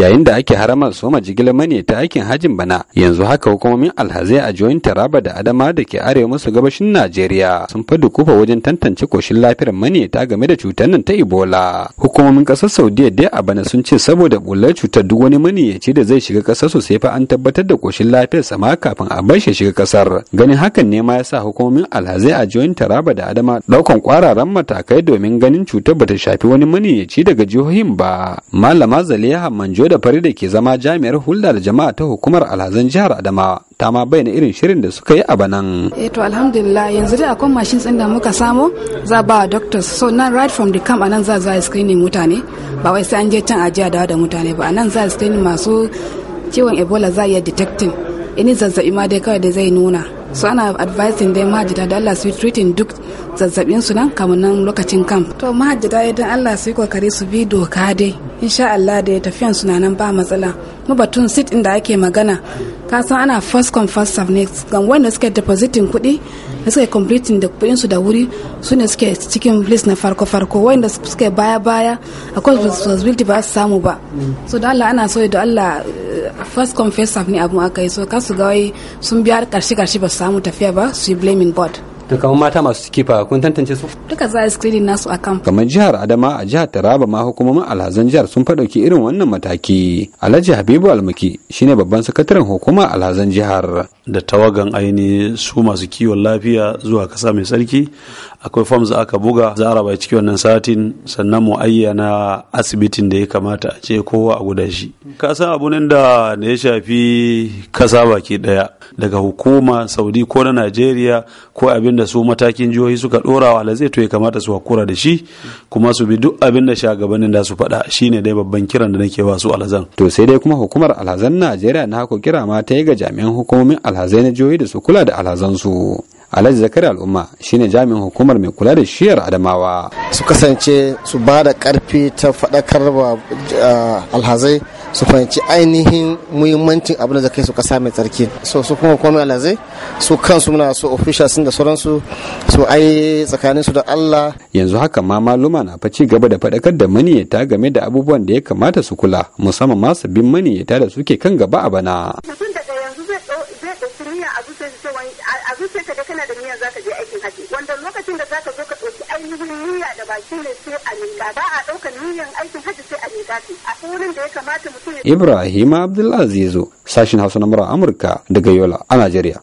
yayin da ake haramar soma jigilar mani ta aikin hajin bana yanzu haka hukumomin alhazai a jihohin taraba da adama da ke arewa musu gabashin najeriya sun fa dukufa wajen tantance koshin lafiyar mani ta game da cutar nan ta ebola hukumomin kasar saudiya dai a bana sun ce saboda bullar cutar duk wani ce da zai shiga kasar su sai fa an tabbatar da koshin lafiyar sama kafin a bar shi shiga kasar ganin hakan ne ma yasa hukumomin alhazai a jihohin taraba da adama daukan kwararan matakai domin ganin cutar bata shafi wani ce daga jihohin ba malama zaliha manjo da Farida ke zama jami'ar hulɗa da jama'a ta hukumar alhazan jihar Adamawa ta ma bayyana irin shirin da suka yi a banan. Eh to alhamdulillah yanzu dai akwai mashin tsin da muka samo za ba doctors so nan right from the camp anan za za screening mutane ba wai sai an je can ajiya da da mutane ba anan za screening masu ciwon Ebola za iya detecting ini zazzabi ma dai kawai da zai nuna so ana advising dai mahajjata da Allah su yi treating duk zazzabin su nan kamun nan lokacin kam. to mahajjata idan Allah su yi kokari su bi doka dai insha Allah da tafiyan su nan ba matsala mu batun sit inda da ake magana ka san ana first come first serve next ga wanda suke depositin kuɗi da suke completing da kuɗin su da wuri su ne suke cikin list na farko farko wanda suke baya baya akwai responsibility ba su samu ba so da Allah ana so da Allah eh, first come first serve ne abu aka yi so ka su ga wai sun biya karshe karshe ba su samu tafiya ba su yi blaming board da kamar mata masu kifa kun tantance su duka za a screening nasu akan kamar jihar Adama a jihar Taraba ma hukumomin alhazan jihar sun fadauki irin wannan mataki Alhaji Habibu Almaki shine babban sakataren hukumar alhazan jihar da tawagan aini su masu kiwon lafiya zuwa kasa mai sarki akwai fom za aka buga za a raba ciki wannan satin sannan mu ayyana asibitin da ya kamata a ce kowa a guda shi kasa abu nan da ya shafi kasa baki daya daga hukuma saudi ko na najeriya ko abin da su matakin jihohi suka dora wa zai to ya kamata su hakura da shi kuma su bi duk abin da shagabannin da su faɗa shine dai babban kiran da nake ba su alazan to sai dai kuma hukumar alhazan najeriya na hako kira ma ta yi ga jami'an hukumomin alhazai na jihohi da su kula da alhazansu alhaji zakari al'umma shine jami'in hukumar mai kula da shiyar adamawa su kasance su ba da karfi ta faɗakar wa eh, alhazai su fahimci ainihin muhimmancin abin da zakai su kasa mai tsarki so su kuma komai alhazai su kansu muna so officials da sauransu su ai tsakanin su da Allah yanzu haka ma maluma na faci gaba da faɗakar da maniyyata game da abubuwan da ya kamata su kula musamman ma sabbin maniyyata da suke kan gaba a bana ɗauki niyya a zuciyarka da kana da miya za ka je aikin haji wanda lokacin da za ka zo ka ɗauki ainihin miya da baki ne sai a miƙa ba a ɗaukar niyyar aikin haji sai a miƙa ce a wurin da ya kamata mutum ya. Ibrahim Abdulaziz sashin Hausa na Amurka daga Yola a Najeriya.